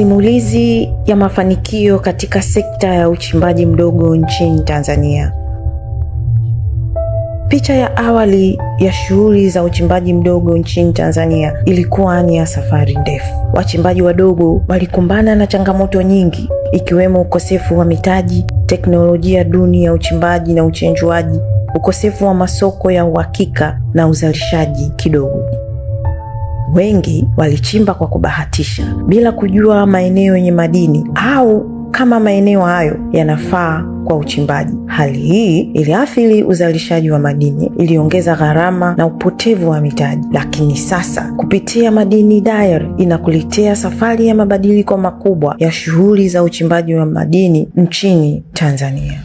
Simulizi ya mafanikio katika sekta ya uchimbaji mdogo nchini Tanzania. Picha ya awali ya shughuli za uchimbaji mdogo nchini Tanzania ilikuwa ni ya safari ndefu. Wachimbaji wadogo walikumbana na changamoto nyingi, ikiwemo ukosefu wa mitaji, teknolojia duni ya uchimbaji na uchenjuaji, ukosefu wa masoko ya uhakika na uzalishaji kidogo wengi walichimba kwa kubahatisha bila kujua maeneo yenye madini au kama maeneo hayo yanafaa kwa uchimbaji. Hali hii iliathiri uzalishaji wa madini, iliongeza gharama na upotevu wa mitaji. Lakini sasa kupitia Madini Diary inakuletea safari ya mabadiliko makubwa ya shughuli za uchimbaji wa madini nchini Tanzania.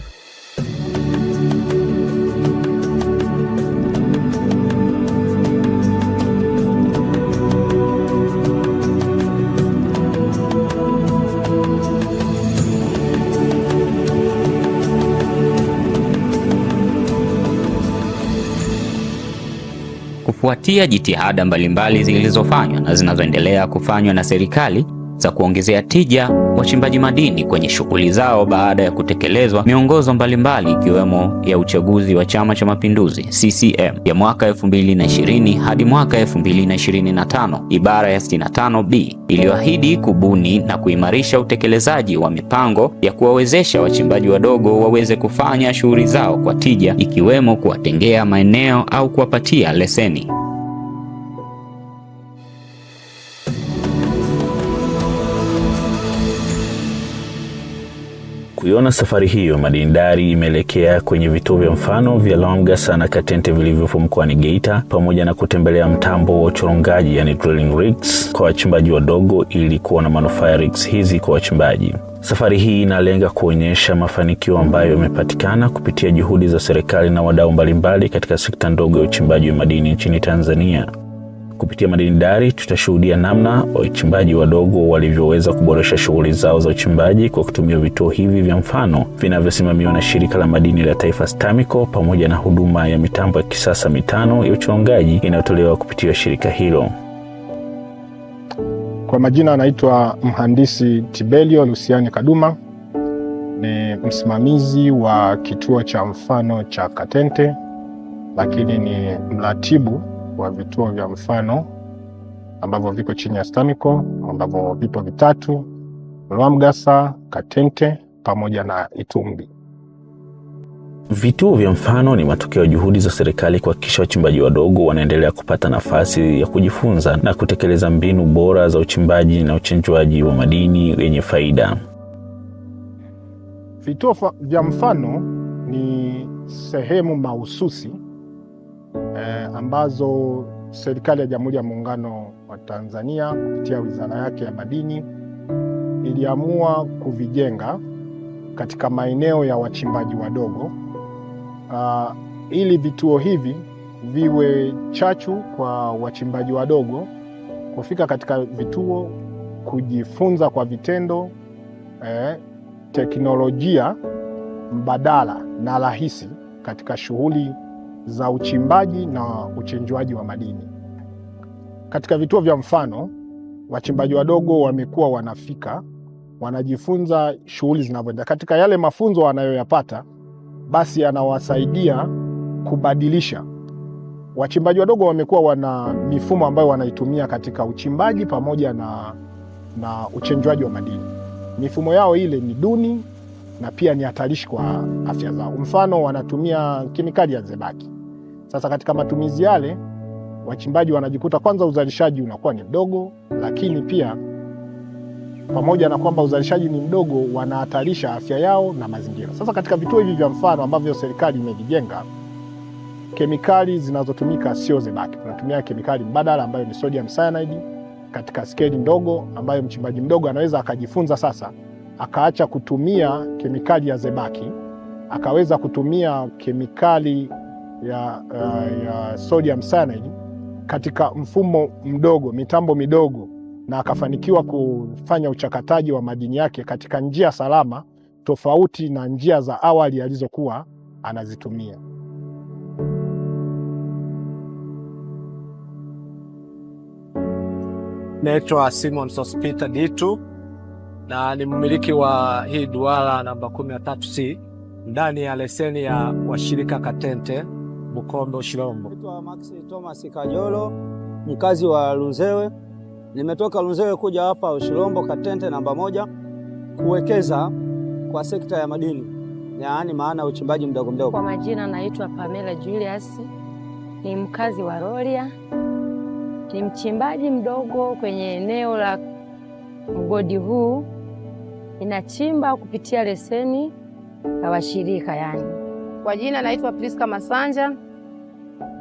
Kufuatia jitihada mbalimbali zilizofanywa na zinazoendelea kufanywa na serikali za kuongezea tija wachimbaji madini kwenye shughuli zao baada ya kutekelezwa miongozo mbalimbali ikiwemo ya uchaguzi wa Chama cha Mapinduzi CCM ya mwaka 2020 hadi mwaka 2025, ibara ya 65B iliyoahidi kubuni na kuimarisha utekelezaji wa mipango ya kuwawezesha wachimbaji wadogo waweze kufanya shughuli zao kwa tija, ikiwemo kuwatengea maeneo au kuwapatia leseni. Kuiona safari hiyo, madindari imeelekea kwenye vituo vya mfano vya Lwamgasa na Katente vilivyopo mkoani Geita pamoja na kutembelea mtambo wa uchorongaji yani drilling rigs kwa wachimbaji wadogo ili kuona manufaa ya rigs hizi kwa wachimbaji. Safari hii inalenga kuonyesha mafanikio ambayo yamepatikana kupitia juhudi za serikali na wadau mbalimbali katika sekta ndogo ya uchimbaji wa madini nchini Tanzania. Kupitia Madini Dari tutashuhudia namna wachimbaji wadogo walivyoweza kuboresha shughuli zao za uchimbaji kwa kutumia vituo hivi vya mfano vinavyosimamiwa na Shirika la Madini la Taifa STAMICO pamoja na huduma ya mitambo ya kisasa mitano ya uchongaji inayotolewa kupitia shirika hilo. Kwa majina anaitwa Mhandisi Tibelio Lusiani Kaduma, ni msimamizi wa kituo cha mfano cha Katente, lakini ni mratibu wa vituo vya mfano ambavyo viko chini ya STAMICO ambavyo vipo vitatu: Lwamgasa, Katente pamoja na Itumbi. Vituo vya mfano ni matokeo ya juhudi za serikali kuhakikisha wachimbaji wadogo wanaendelea kupata nafasi ya kujifunza na kutekeleza mbinu bora za uchimbaji na uchenjuaji wa madini yenye faida. Vituo vya mfano ni sehemu mahususi eh, ambazo serikali ya Jamhuri ya Muungano wa Tanzania kupitia wizara yake ya madini iliamua kuvijenga katika maeneo ya wachimbaji wadogo uh, ili vituo hivi viwe chachu kwa wachimbaji wadogo kufika katika vituo kujifunza kwa vitendo eh, teknolojia mbadala na rahisi katika shughuli za uchimbaji na uchenjuaji wa madini. Katika vituo vya mfano, wachimbaji wadogo wamekuwa wanafika, wanajifunza shughuli zinavyoenda. Katika yale mafunzo wanayoyapata, basi yanawasaidia kubadilisha. Wachimbaji wadogo wamekuwa wana mifumo ambayo wanaitumia katika uchimbaji pamoja na, na uchenjuaji wa madini. Mifumo yao ile ni duni na pia ni hatarishi kwa afya zao. Mfano, wanatumia kemikali ya zebaki. Sasa katika matumizi yale, wachimbaji wanajikuta kwanza uzalishaji unakuwa ni mdogo, lakini pia pamoja na kwamba uzalishaji ni mdogo, wanahatarisha afya yao na mazingira. Sasa katika vituo hivi vya mfano ambavyo serikali imevijenga, kemikali zinazotumika sio zebaki, tunatumia kemikali mbadala ambayo ni sodium cyanide katika skeli ndogo, ambayo mchimbaji mdogo anaweza akajifunza sasa, akaacha kutumia kemikali ya zebaki, akaweza kutumia kemikali ya, ya, eh, ya sodium cyanide katika mfumo mdogo, mitambo midogo, na akafanikiwa kufanya uchakataji wa madini yake katika njia salama tofauti na njia za awali alizokuwa anazitumia. Naitwa Simon Sospita Ditu na ni mmiliki wa hii duara namba 13C ndani ya leseni ya washirika Katente Bukombe Ushilombo. Naitwa Max Thomas Kajolo, mkazi wa Lunzewe. Nimetoka Lunzewe kuja hapa ushirombo Katente namba moja kuwekeza kwa sekta ya madini, yaani maana uchimbaji mdogo mdogo. Kwa majina naitwa Pamela Julius, ni mkazi wa rolia ni mchimbaji mdogo kwenye eneo la mgodi huu. Inachimba kupitia leseni ya washirika yani. Kwa jina naitwa Priska Masanja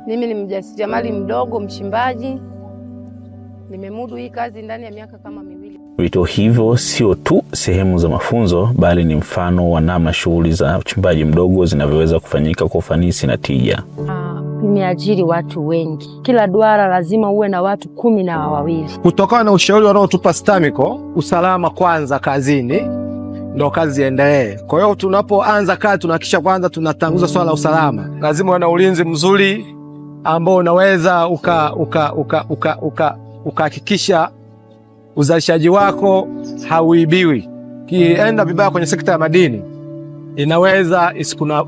mimi ni mjasiriamali mdogo, mchimbaji, nimemudu hii kazi ndani ya miaka kama miwili. Vituo hivyo sio tu sehemu za mafunzo, bali ni mfano wa namna shughuli za uchimbaji mdogo zinavyoweza kufanyika kwa ufanisi na tija. Ah, imeajiri watu wengi, kila duara lazima uwe na watu kumi na wawili. Kutokana na ushauri wanaotupa STAMICO, usalama kwanza kazini ndo kazi iendelee. Kwa hiyo tunapoanza kazi tunahakikisha kwanza tunatanguza swala la usalama, lazima wana ulinzi mzuri ambao unaweza ukahakikisha uka, uka, uka, uka, uka uzalishaji wako hauibiwi. Kienda vibaya kwenye sekta ya madini inaweza isikuna,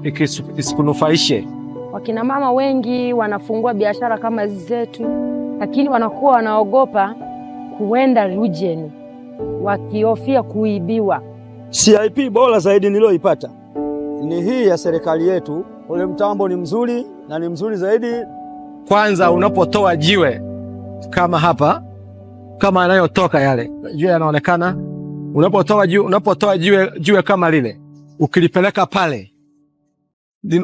isikunufaishe. Wakina mama wengi wanafungua biashara kama hizi zetu, lakini wanakuwa wanaogopa kuenda rujeni wakihofia kuibiwa. CIP bora zaidi niliyoipata ni hii ya serikali yetu. Ule mtambo ni mzuri na ni mzuri zaidi kwanza unapotoa jiwe kama hapa, kama anayotoka yale jiwe yanaonekana. Unapotoa jiwe, unapotoa jiwe, jiwe kama lile ukilipeleka pale,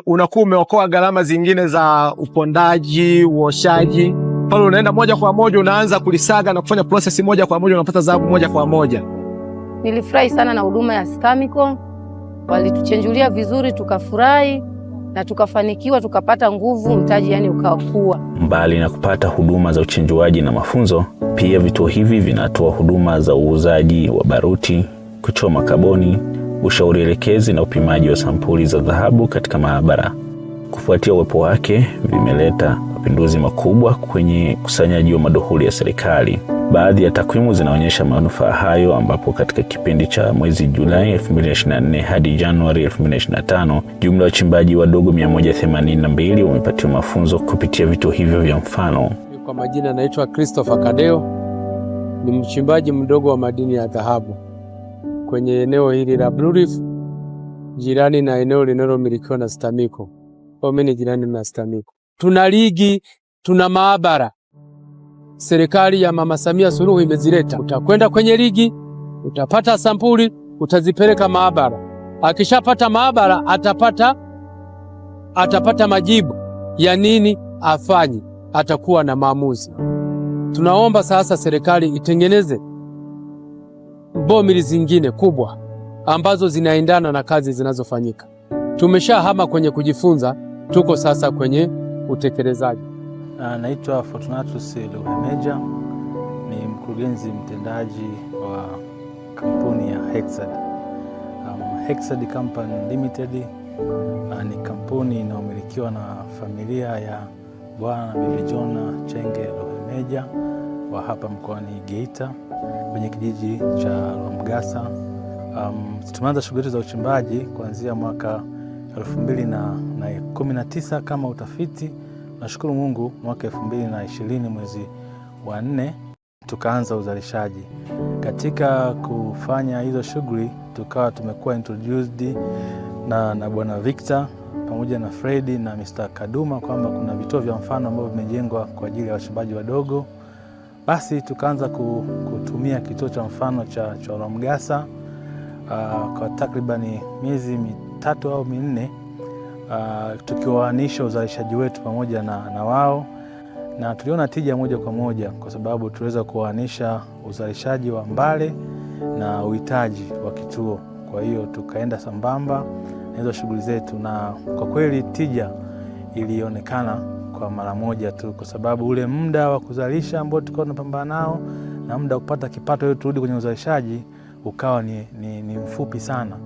unakuwa umeokoa gharama zingine za upondaji, uoshaji. Pale unaenda moja kwa moja, unaanza kulisaga na kufanya prosesi moja kwa moja, unapata dhahabu moja kwa moja. Nilifurahi sana na huduma ya Stamico, walituchenjulia vizuri tukafurahi na tukafanikiwa tukapata nguvu, mtaji yani ukakua. Mbali na kupata huduma za uchenjuaji na mafunzo, pia vituo hivi vinatoa huduma za uuzaji wa baruti, kuchoma kaboni, ushauri elekezi na upimaji wa sampuli za dhahabu katika maabara. Kufuatia uwepo wake, vimeleta mapinduzi makubwa kwenye ukusanyaji wa madohuli ya serikali. Baadhi ya takwimu zinaonyesha manufaa hayo, ambapo katika kipindi cha mwezi Julai 2024 hadi Januari 2025 jumla ya wachimbaji wadogo 182 wamepatiwa mafunzo kupitia vituo hivyo vya mfano. Kwa majina anaitwa Christopher Kadeo, ni mchimbaji mdogo wa madini ya dhahabu kwenye eneo hili la Blue Reef, jirani na eneo linalomilikiwa na stamiko Au mimi ni jirani na stamiko Tuna ligi, tuna maabara serikali ya Mama Samia Suluhu imezileta. Utakwenda kwenye ligi, utapata sampuli, utazipeleka maabara. Akishapata maabara atapata, atapata majibu ya nini afanye, atakuwa na maamuzi. Tunaomba sasa serikali itengeneze bomili zingine kubwa ambazo zinaendana na kazi zinazofanyika. Tumeshahama kwenye kujifunza, tuko sasa kwenye utekelezaji. Ah, naitwa Fortunatus Luhemeja, ni mkurugenzi mtendaji wa kampuni ya Hexad. Um, Hexad Company Limited uh, ni kampuni inayomilikiwa na familia ya Bwana na Bibi Jona Chenge Luhemeja wa hapa mkoani Geita kwenye kijiji cha Lwamgasa. Um, tumeanza shughuli za uchimbaji kuanzia mwaka 2019 kama utafiti Nashukuru Mungu, mwaka elfu mbili na ishirini mwezi wa nne tukaanza uzalishaji. Katika kufanya hizo shughuli, tukawa tumekuwa introduced na, na Bwana Victor pamoja na Fredi na Mr. Kaduma kwamba kuna vituo vya mfano ambavyo vimejengwa kwa ajili ya wachimbaji wadogo. Basi tukaanza kutumia kituo cha mfano cha Olwamgasa uh, kwa takribani miezi mitatu au minne Ah, tukiwaanisha uzalishaji wetu pamoja na, na wao na tuliona tija moja kwa moja kwa sababu tuliweza kuwaanisha uzalishaji wa mbale na uhitaji wa kituo. Kwa hiyo tukaenda sambamba na hizo shughuli zetu, na kwa kweli tija ilionekana kwa mara moja tu, kwa sababu ule muda wa kuzalisha ambao tulikuwa tunapambana nao na muda wa kupata kipato ili turudi kwenye uzalishaji ukawa ni, ni, ni mfupi sana.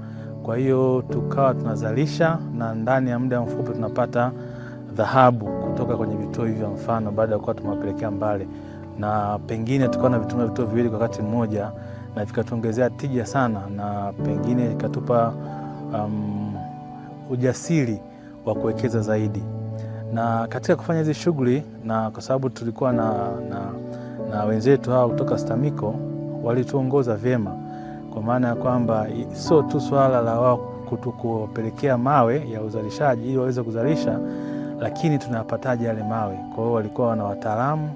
Kwa hiyo tukawa tunazalisha na ndani ya muda mfupi tunapata dhahabu kutoka kwenye vituo hivyo mfano, baada ya kuwa tumewapelekea mbali, na pengine tukawa na vitumia vituo viwili kwa wakati mmoja, na vikatuongezea tija sana, na pengine ikatupa um, ujasiri wa kuwekeza zaidi na katika kufanya hizi shughuli, na kwa sababu tulikuwa na, na, na wenzetu hawa kutoka STAMICO walituongoza vyema kwa maana ya kwamba sio tu swala la wao kutukupelekea mawe ya uzalishaji ili waweze kuzalisha, lakini tunapataje yale mawe? Kwa hiyo walikuwa wana wataalamu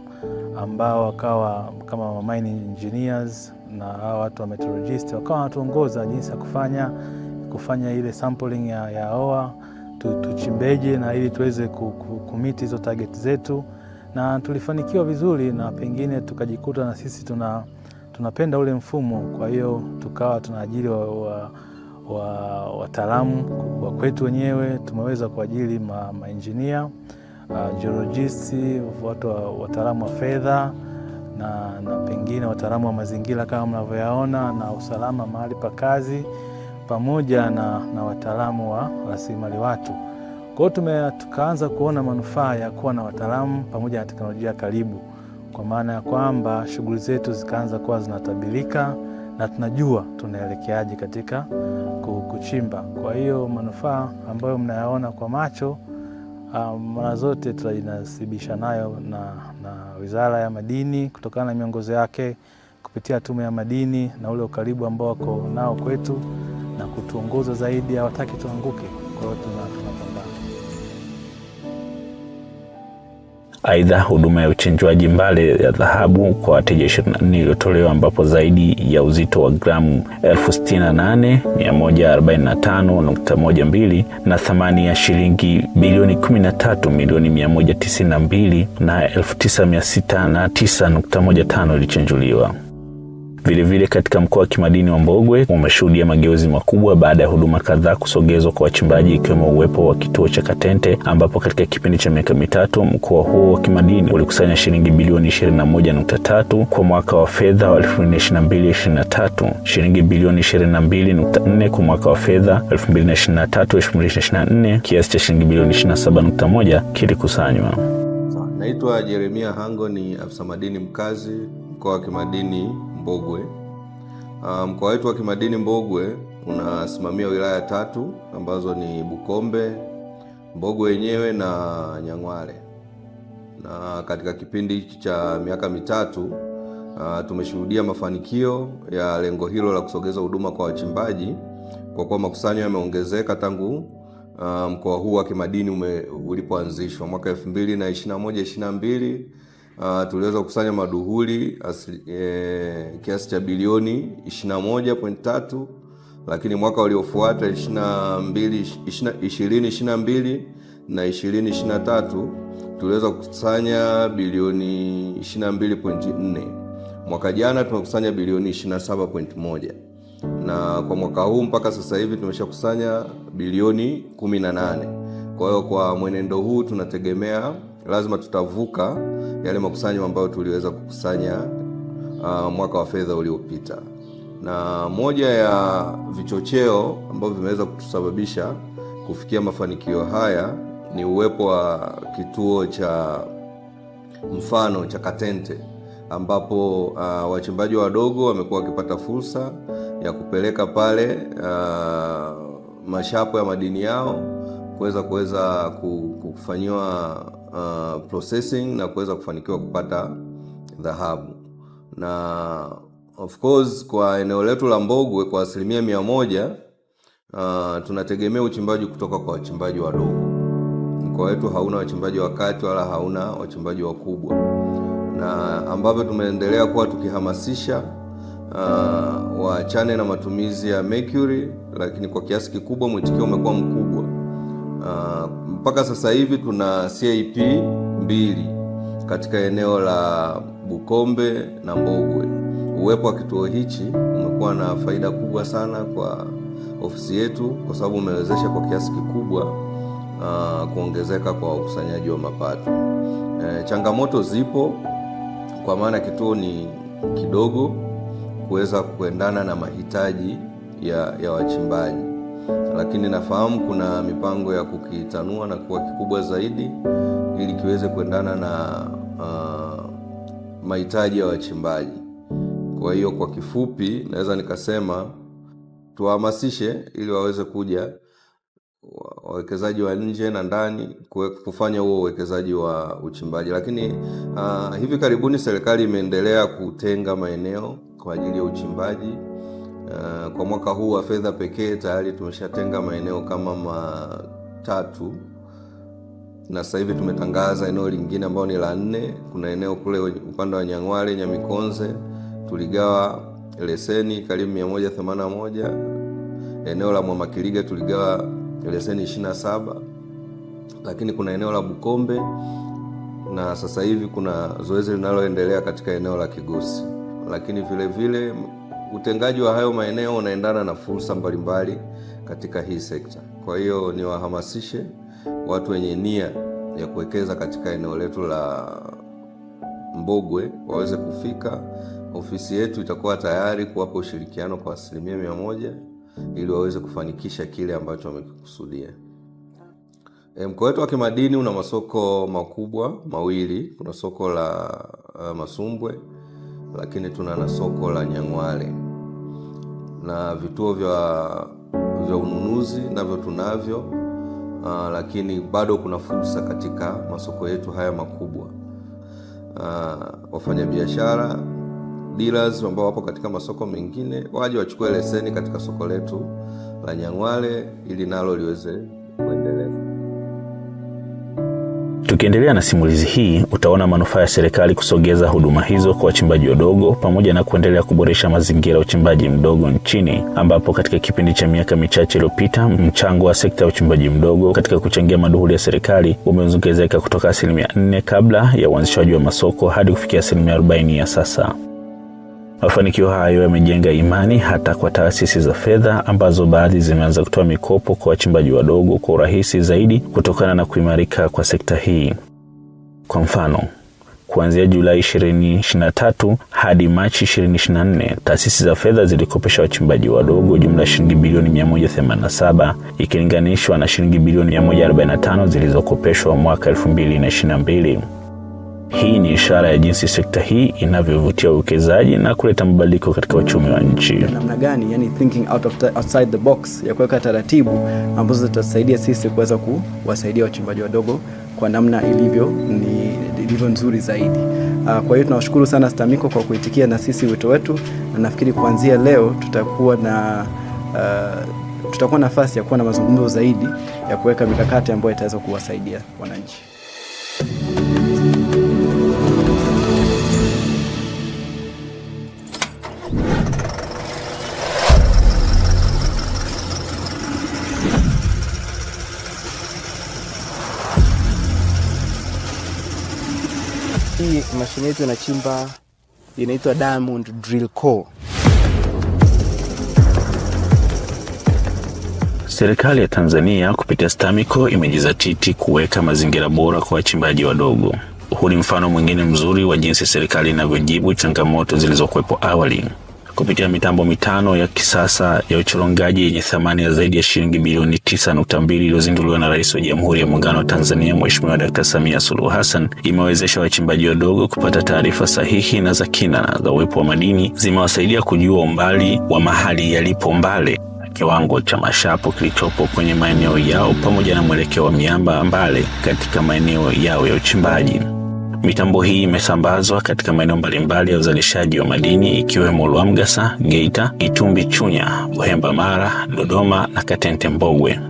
ambao wakawa kama mining engineers na hawa watu wa metallurgist wakawa wanatuongoza jinsi ya kufanya kufanya ile sampling ya, ya oa tuchimbeje na ili tuweze kumiti hizo target zetu, na tulifanikiwa vizuri, na pengine tukajikuta na sisi tuna tunapenda ule mfumo. Kwa hiyo tukawa tunaajiri wataalamu wa, wa kwetu wenyewe. Tumeweza kuajiri mainjinia ma jiolojisti, uh, watu wataalamu wa fedha na, na pengine wataalamu wa mazingira kama mnavyoyaona na usalama mahali pa kazi pamoja na, na wataalamu wa rasilimali watu. Kwa hiyo tukaanza kuona manufaa ya kuwa na wataalamu pamoja na teknolojia karibu kwa maana ya kwamba shughuli zetu zikaanza kuwa zinatabilika na tunajua tunaelekeaje katika kuchimba. Kwa hiyo manufaa ambayo mnayaona kwa macho ah, mara zote tunajinasibisha nayo na, na Wizara ya Madini kutokana na miongozo yake kupitia Tume ya Madini na ule ukaribu ambao wako nao kwetu na kutuongoza zaidi, hawataki tuanguke. Kwa hiyo Aidha, huduma ya uchenjuaji mbale ya dhahabu kwa wateja 24 iliyotolewa ambapo zaidi ya uzito wa gramu 68145.12 na thamani ya shilingi bilioni 13 milioni 192 na 9609.15 ilichenjuliwa. Vilevile katika mkoa wa kimadini wa Mbogwe umeshuhudia mageuzi makubwa baada ya huduma kadhaa kusogezwa kwa wachimbaji ikiwemo uwepo wa kituo cha Katente ambapo katika kipindi cha miaka mitatu mkoa huo wa kimadini ulikusanya shilingi bilioni 21.3. Kwa mwaka wa fedha wa 2022/2023, shilingi bilioni 22.4. Kwa mwaka wa fedha 2023/2024, kiasi cha shilingi bilioni 27.1 kilikusanywa. Naitwa Jeremia Hango, ni afisa madini mkazi mkoa wa kimadini Mbogwe. Ah, mkoa wetu wa kimadini Mbogwe unasimamia wilaya tatu ambazo ni Bukombe, Mbogwe yenyewe na Nyang'wale, na katika kipindi hiki cha miaka mitatu Uh, tumeshuhudia mafanikio ya lengo hilo la kusogeza huduma kwa wachimbaji kwa kuwa makusanyo yameongezeka tangu uh, mkoa huu wa kimadini ulipoanzishwa mwaka 2021 22 uh, tuliweza kukusanya maduhuli eh, kiasi cha bilioni 21.3, lakini mwaka uliofuata 2022 na 2023 tuliweza kukusanya bilioni 22.4. Mwaka jana tumekusanya bilioni 27.1 na kwa mwaka huu mpaka sasa hivi tumeshakusanya bilioni 18. Kwa hiyo kwa mwenendo huu tunategemea lazima tutavuka yale makusanyo ambayo tuliweza kukusanya uh, mwaka wa fedha uliopita, na moja ya vichocheo ambavyo vimeweza kutusababisha kufikia mafanikio haya ni uwepo wa kituo cha mfano cha Katente ambapo uh, wachimbaji wadogo wamekuwa wakipata fursa ya kupeleka pale uh, mashapo ya madini yao kuweza kuweza kufanyiwa uh, processing na kuweza kufanikiwa kupata dhahabu. Na of course kwa eneo letu la Mbogwe kwa asilimia mia moja uh, tunategemea uchimbaji kutoka kwa wachimbaji wadogo. Mkoa wetu hauna wachimbaji wa kati wala hauna wachimbaji wakubwa, na ambavyo tumeendelea kuwa tukihamasisha uh, waachane na matumizi ya mercury, lakini kwa kiasi kikubwa mwitikio umekuwa mkubwa. Uh, mpaka sasa hivi tuna cip mbili katika eneo la Bukombe na Mbogwe. Uwepo wa kituo hichi umekuwa na faida kubwa sana kwa ofisi yetu kwa sababu umewezesha kwa kiasi kikubwa uh, kuongezeka kwa ukusanyaji wa mapato. E, changamoto zipo kwa maana kituo ni kidogo kuweza kuendana na mahitaji ya, ya wachimbaji lakini nafahamu kuna mipango ya kukitanua na kuwa kikubwa zaidi ili kiweze kuendana na uh, mahitaji ya wachimbaji. Kwa hiyo kwa kifupi, naweza nikasema tuwahamasishe ili waweze kuja wawekezaji wa nje na ndani kufanya huo uwekezaji wa uchimbaji. Lakini uh, hivi karibuni serikali imeendelea kutenga maeneo kwa ajili ya uchimbaji. Eh, kwa mwaka huu wa fedha pekee tayari tumeshatenga maeneo kama matatu na sasa hivi tumetangaza eneo lingine ambayo ni la nne. Kuna eneo kule upande wa Nyang'wale Nyamikonze, tuligawa leseni karibu 181. Eneo la Mwamakiliga tuligawa leseni 27, lakini kuna eneo la Bukombe na sasa hivi kuna zoezi linaloendelea katika eneo la Kigosi, lakini vilevile vile, utengaji wa hayo maeneo unaendana na fursa mbalimbali katika hii sekta. Kwa hiyo niwahamasishe watu wenye nia ya kuwekeza katika eneo letu la Mbogwe waweze kufika. Ofisi yetu itakuwa tayari kuwapa ushirikiano kwa asilimia mia moja ili waweze kufanikisha kile ambacho wamekikusudia. Eh, mkoa wetu wa kimadini una masoko makubwa mawili. Kuna soko la uh, Masumbwe lakini tuna na soko la Nyang'wale na vituo vya, vya ununuzi navyo tunavyo. Uh, lakini bado kuna fursa katika masoko yetu haya makubwa. Uh, wafanyabiashara dealers ambao wapo katika masoko mengine waje wachukue leseni katika soko letu la Nyang'wale ili nalo liweze Tukiendelea na simulizi hii, utaona manufaa ya serikali kusogeza huduma hizo kwa wachimbaji wadogo pamoja na kuendelea kuboresha mazingira ya uchimbaji mdogo nchini, ambapo katika kipindi cha miaka michache iliyopita mchango wa sekta ya uchimbaji mdogo katika kuchangia maduhuli ya serikali umeongezeka kutoka asilimia 4 kabla ya uanzishwaji wa masoko hadi kufikia asilimia 40 ya sasa. Mafanikio hayo yamejenga imani hata kwa taasisi za fedha ambazo baadhi zimeanza kutoa mikopo kwa wachimbaji wadogo kwa urahisi zaidi kutokana na kuimarika kwa sekta hii. Kwa mfano, kuanzia Julai 2023 hadi Machi 2024, taasisi za fedha zilikopesha wachimbaji wadogo jumla shilingi bilioni 187 ikilinganishwa na shilingi bilioni 145 zilizokopeshwa mwaka 2022. Hii ni ishara ya jinsi sekta hii inavyovutia uwekezaji na kuleta mabadiliko katika uchumi wa nchi. Namna gani, yani thinking out of outside the box ya kuweka taratibu ambazo zitasaidia sisi kuweza kuwasaidia wachimbaji wadogo kwa namna ilivyo ni ilivyo nzuri zaidi. Ah, kwa hiyo tunawashukuru sana stamiko kwa kuitikia na sisi wito wetu, na nafikiri kuanzia leo tutakuwa na uh, tutakuwa nafasi ya kuwa na mazungumzo zaidi ya kuweka mikakati ambayo itaweza kuwasaidia wananchi. mashine yetu inachimba, inaitwa Diamond Drill Core. Serikali ya Tanzania kupitia STAMICO imejizatiti kuweka mazingira bora kwa wachimbaji wadogo. Huu ni mfano mwingine mzuri wa jinsi serikali inavyojibu changamoto zilizokuwepo awali kupitia mitambo mitano ya kisasa ya uchorongaji yenye thamani ya zaidi ya shilingi bilioni 9.2 iliyozinduliwa na Rais wa Jamhuri ya Muungano wa Tanzania Mheshimiwa Dkt. Samia Suluhu Hassan imewawezesha wachimbaji wadogo kupata taarifa sahihi na za kina za uwepo wa madini, zimewasaidia kujua umbali wa mahali yalipo mbale kiwango cha mashapo kilichopo kwenye maeneo yao pamoja na mwelekeo wa miamba mbale katika maeneo yao ya uchimbaji. Mitambo hii imesambazwa katika maeneo mbalimbali ya uzalishaji wa madini ikiwemo Lwamgasa, Geita, Itumbi, Chunya, Buhemba Mara, Dodoma na Katente Mbogwe.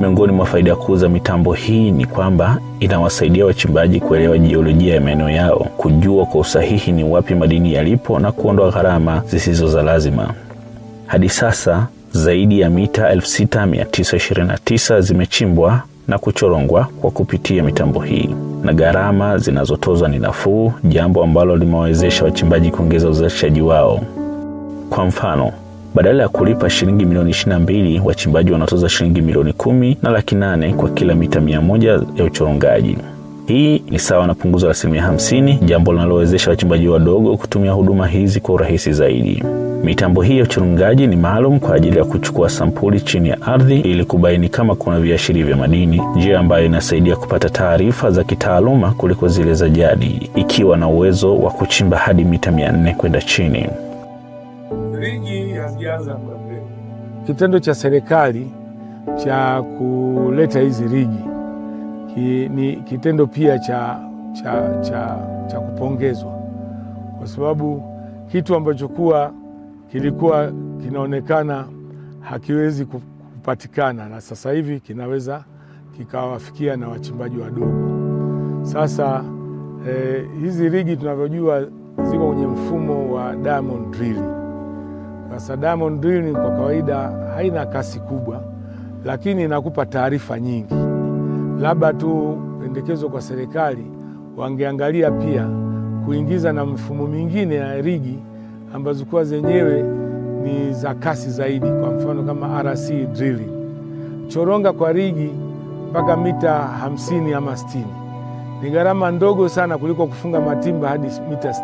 Miongoni mwa faida kuu za mitambo hii ni kwamba inawasaidia wachimbaji kuelewa jiolojia ya maeneo yao, kujua kwa usahihi ni wapi madini yalipo na kuondoa gharama zisizo za lazima. Hadi sasa zaidi ya mita 6929 zimechimbwa na kuchorongwa kwa kupitia mitambo hii, na gharama zinazotozwa ni nafuu, jambo ambalo limewawezesha wachimbaji kuongeza uzalishaji wao. Kwa mfano, badala ya kulipa shilingi milioni 22 wachimbaji wanatoza shilingi milioni kumi na laki nane kwa kila mita mia moja ya uchorongaji. Hii ni sawa na punguzo la asilimia 50, jambo linalowezesha wachimbaji wadogo kutumia huduma hizi kwa urahisi zaidi. Mitambo hii ya uchungaji ni maalum kwa ajili ya kuchukua sampuli chini ya ardhi ili kubaini kama kuna viashiria vya madini, njia ambayo inasaidia kupata taarifa za kitaaluma kuliko zile za jadi, ikiwa na uwezo wa kuchimba hadi mita nne kwenda chini. Kitendo cha serikali cha kuleta hizi rigi ki, ni kitendo pia cha, cha, cha, cha kupongezwa kwa sababu kitu ambacho kuwa kilikuwa kinaonekana hakiwezi kupatikana, na sasa hivi kinaweza kikawafikia na wachimbaji wadogo. Sasa e, hizi rigi tunavyojua ziko kwenye mfumo wa diamond drilling. Sasa diamond drilling kwa kawaida haina kasi kubwa, lakini inakupa taarifa nyingi. Labda tu pendekezo kwa serikali, wangeangalia pia kuingiza na mfumo mingine ya rigi ambazo kuwa zenyewe ni za kasi zaidi, kwa mfano kama RC drilling, choronga kwa rigi mpaka mita hamsini ama 60, ni gharama ndogo sana kuliko kufunga matimba hadi mita 60.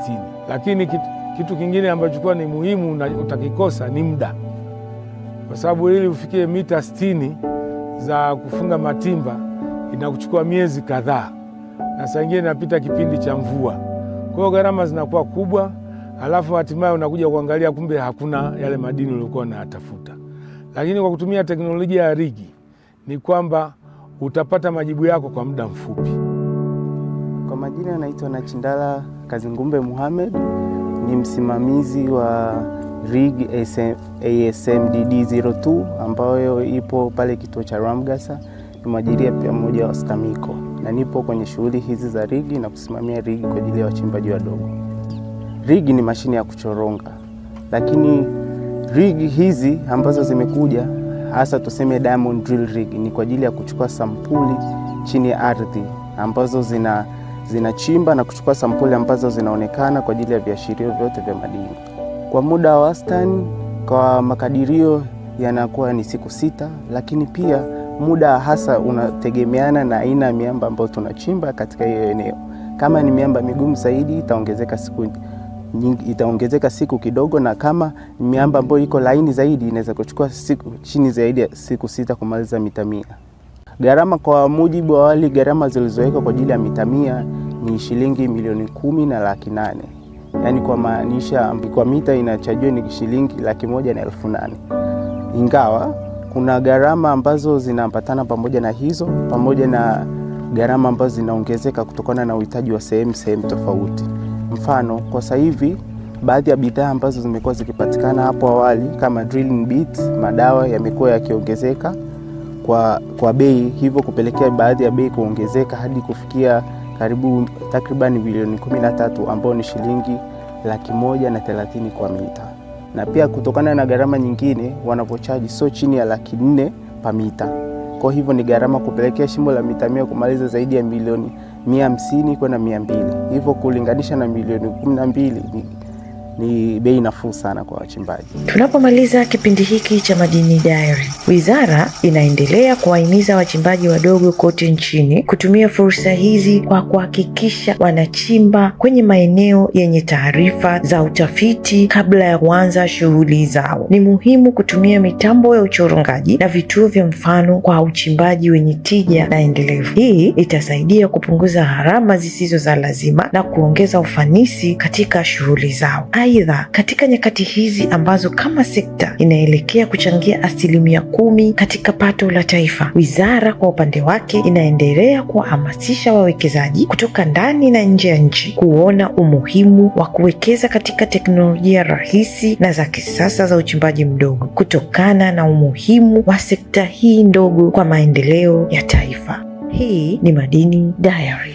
Lakini kitu, kitu kingine ambacho kuwa ni muhimu na utakikosa ni muda, kwa sababu ili ufikie mita 60 za kufunga matimba inakuchukua miezi kadhaa, na saa ingine inapita kipindi cha mvua, kwa hiyo gharama zinakuwa kubwa alafu hatimaye unakuja kuangalia kumbe hakuna yale madini uliokuwa unayatafuta. Lakini kwa kutumia teknolojia ya rigi ni kwamba utapata majibu yako kwa muda mfupi. Kwa majina anaitwa Nachindala Kazingumbe Muhamed, ni msimamizi wa rig ASMDD 02 ambayo ipo pale kituo cha Ramgasa. Ni mwajiria pia mmoja wa STAMICO na nipo kwenye shughuli hizi za rigi na kusimamia rigi kwa ajili ya wachimbaji wadogo rigi ni mashine ya kuchoronga, lakini rigi hizi ambazo zimekuja hasa tuseme diamond drill rig ni kwa ajili ya kuchukua sampuli chini ya ardhi ambazo zina zinachimba na kuchukua sampuli ambazo zinaonekana kwa ajili ya viashirio vyote vya madini. Kwa muda wa wastani, kwa makadirio yanakuwa ni siku sita, lakini pia muda hasa unategemeana na aina ya miamba ambayo tunachimba katika hiyo eneo. Kama ni miamba migumu zaidi itaongezeka siku itaongezeka siku kidogo, na kama miamba ambayo iko laini zaidi inaweza kuchukua siku chini zaidi ya siku sita kumaliza mita mia. Gharama kwa mujibu wa awali, gharama zilizowekwa kwa ajili ya mita mia ni shilingi milioni kumi na laki nane yaani kwa maanisha kwa mita inachajiwa ni shilingi laki moja na elfu nane ingawa kuna gharama ambazo zinaambatana pamoja na hizo pamoja na gharama ambazo zinaongezeka kutokana na uhitaji wa sehemu sehemu tofauti. Mfano, kwa sasa hivi baadhi ya bidhaa ambazo zimekuwa zikipatikana hapo awali kama drilling bits, madawa yamekuwa yakiongezeka kwa, kwa bei, hivyo kupelekea baadhi ya bei kuongezeka hadi kufikia karibu takribani bilioni 13 ambao ni shilingi laki moja na thelathini kwa mita, na pia kutokana na gharama nyingine wanapochaji sio chini ya laki nne pa mita. Kwa hivyo ni gharama kupelekea shimo la mita mia kumaliza zaidi ya milioni mia hamsini kwenda mia mbili hivyo kulinganisha na milioni kumi na mbili ni bei nafuu sana kwa wachimbaji. Tunapomaliza kipindi hiki cha Madini Diary, wizara inaendelea kuwahimiza wachimbaji wadogo kote nchini kutumia fursa hizi kwa kuhakikisha wanachimba kwenye maeneo yenye taarifa za utafiti kabla ya kuanza shughuli zao. Ni muhimu kutumia mitambo ya uchorongaji na vituo vya mfano kwa uchimbaji wenye tija na endelevu. Hii itasaidia kupunguza gharama zisizo za lazima na kuongeza ufanisi katika shughuli zao. Aidha, katika nyakati hizi ambazo kama sekta inaelekea kuchangia asilimia kumi katika pato la taifa, wizara kwa upande wake inaendelea kuwahamasisha wawekezaji kutoka ndani na nje ya nchi kuona umuhimu wa kuwekeza katika teknolojia rahisi na za kisasa za uchimbaji mdogo kutokana na umuhimu wa sekta hii ndogo kwa maendeleo ya taifa. Hii ni Madini Diary.